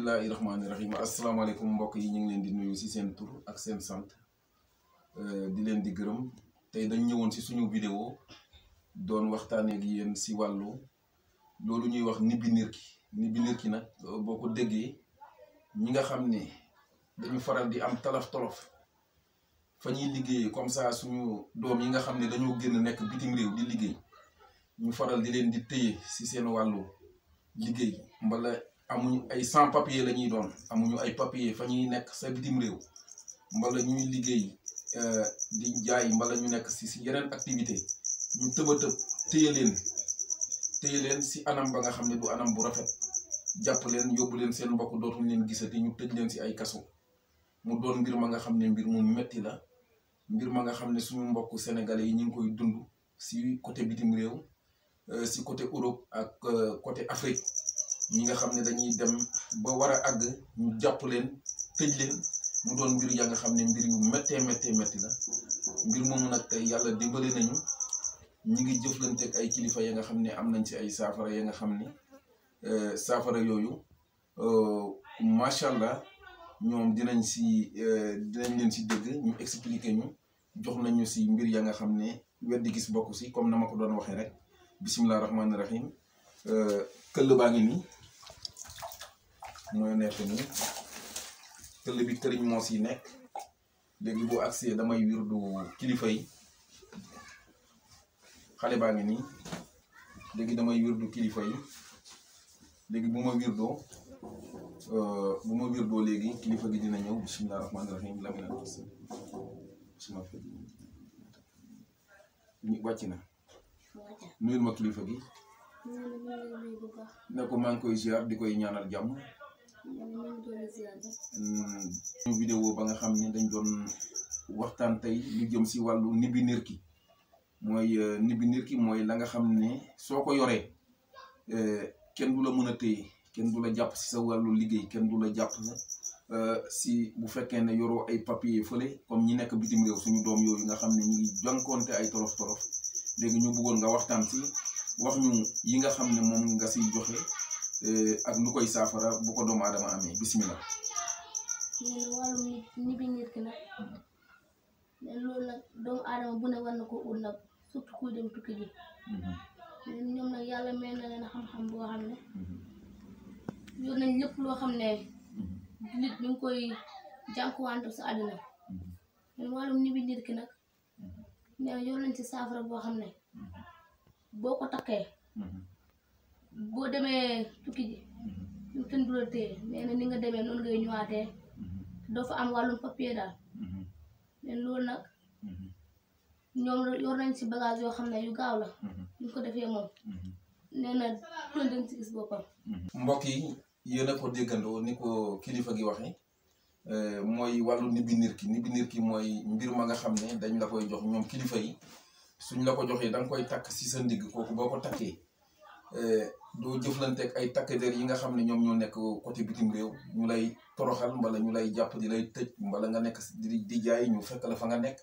bismillahi rahmaani rahim asalaamaaleykum mbokk yi ñu ngi leen di nuyu seen tur ak seen sant euh, di leen di gërëm tey dañ ñëwoon si suñu vidéo doon waxtaanee yéen si wàllu loolu ñuy wax nibbi-nirki nibbi-nirki nag boo ko déggee ñi nga xam ne dañu faral di am talaf tolof fa ñuy liggéeyee comme ça suñu doom yi nga xam ne dañoo génn nekk bitim réew di liggéey ñu faral di leen di téye si seen wàllu liggéey mbala amuñ ay sans papier la ñuy doon amuñu ay papier fa ñuy nekk sa bitim réew mbala ñuy liggéey euh, di jaay mbala ñu nekk si si yeneen activité ñu tëba tëb téye leen téye leen si anam ba nga xam ne du anam bu rafet jàpp leen yóbbu leen seen mbokk dootu leen gisati ñu tëj leen si ay kaso mu doon mbir ma nga xam ne mbir mu metti la mbir ma nga xam ne suñu mbokk sénégalais yi ñu ngi koy dund si côté bitim réew euh, si côté Europe ak euh, côté Afrique ñi nga xam ne dañuy dem ba war a àgg ñu jàpp leen tëj leen mu doon mbir yaa nga xam ne mbir yu méttee méttee métti la mbir moom nag tey yàlla dimbali nañu ñi ngi jëflanteeg ay kilifa ya nga xam ne am nañ ci ay saafara ya nga xam ne euh, saafara yooyu euh, macha allah ñoom dinañ si euh, dinañ leen si dégg ñu expliquer ñu jox nañu si mbir ya nga xam ne weddi gis bokk si comme na ma ko doon waxee rek bisimilah rahmaani rahim këll baa ngi nii. mooy nekk nii tëll bi tëriñ moos yi nekk léegi boo agsee damay wirdu kilifa yi xale baa ngi nii léegi damay wirdu kilifa yi léegi bu ma wirdoo euh, bu ma wirdoo léegi kilifa gi dina ñëw bisimilah rahmaani rahim lamina suma wàcc na nuyul ma kilifa gi ne maa ngi koy ziar di koy ñaanal jàmm Hmm. ñu ba nga xam ni dañ doon waxtaan tey lu jëm si wàllu nibbi ki mooy euh, nibbi ki mooy la nga xam ne soo ko yoree euh, kenn du la mën a téye kenn du la jàpp si sa wàllu liggéey kenn du la jàpp euh, si bu fekkee ne yoroo ay papier fële comme ñi nekk bitim réew suñu doom yooyu nga xam ne ñu jànkoonte ay torof torof léegi ñu bëggoon nga waxtaan si wax ñu yi nga xam ne moom nga siy joxe Eh, ak lu koy saafara bu ko doomu adama amee bisimilah. nee na ki nag loolu nag doomu aadama bu ne war na ko ut surtout kuy dem tukki ji. Mhm. ñoom nag yàlla may na leen xam-xam boo xam ne. Mhm. yor nañ lépp loo xam ne. jullit bi nga koy jànkuwante sa àddina. Mhm. ki nag. nee na yor nañ ci saafara boo xam ne. boo ko takkee. boo demee tukki ji kenn du la téye nee na ni nga demee noonu ngay ñëwaatee mm-hmm. doo fa am wàllum papier daal mais mm-hmm. loolu nag mm-hmm. ñoom yor nañ si bagage yoo xam ne yu gaaw la ñu ko defee moom nee mbokk yi yéen ko déggandoo ni ko kilifa gi waxee euh, mooy ki nibinirki ki mooy mbir ma nga xam ne dañ la koy jox ñoom kilifa yi suñ la ko joxee da koy takk si sa ndigg kooku boo ko takkee euh, doo jëflanteeg ay takk der yi nga xam ne ñoom ñoo nekk côté bitim réew ñu lay toroxal mbala ñu lay jàpp di lay tëj mbala nga nekk di jaay ñu fekk la fa nga nekk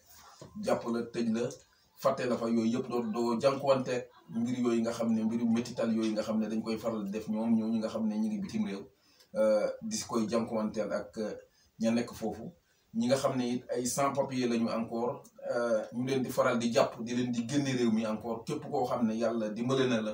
jàpp tëj la fàtte la fa yooyu yëpp doo doo jànkuwanteeg mbir yooyu nga xam ne mbiru métital yooyu nga xam ne dañ koy faral def ñoom ñoo ñi nga xam ne ñu ngi bitim réew euh, di koy jànkuwanteel ak euh, ña nekk foofu ñi nga xam ne ay sans papier lañu encore euh, ñu leen di faral di jàpp di leen di génne réew mi encore képp koo xam ne yàlla dimbale na la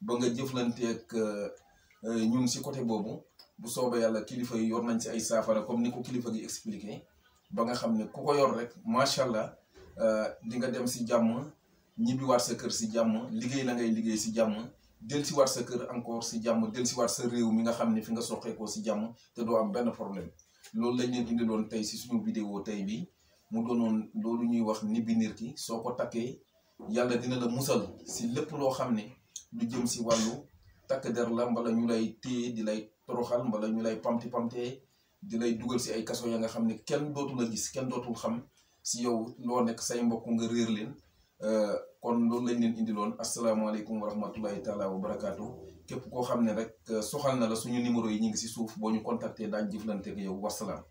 ba nga jëflanteeg euh, ñun si côté boobu bu soobee yàlla kilifa yi yor nañ si ay saafara comme ni ko kilifa gi expliqué ba nga xam ne ku ko yor rek macha allah euh, di nga dem si jàmm ñibbiwaat sa kër si jàmm liggéey la ngay liggéey si jàmm del si waat sa kër encore si jàmm del si waat sa réew mi nga xam ne fi nga soqeekoo si jàmm te doo am benn problème loolu lañ leen indi tey si suñu vidéo tey bi mu doonoon loolu ñuy wax nibbi ki soo ko takkee yàlla dina la musal si lépp loo xam ne lu jëm si wàllu takk der la mbala ñu lay téye di lay toroxal mbala ñu lay pamti pamte di lay dugal si ay kaso ya nga xam ne kenn dootu la gis kenn dootul xam si yow loo nekk say mbokk nga réer leen euh, kon loolu lañ leen indiloon asalaamaaleykum wa rahmatulahi taala wa barakaatu képp koo xam ne rek euh, soxal na la suñu numéro yi ñu ngi si suuf boo ñu contacter daañu jëflante ak yow wasalaam.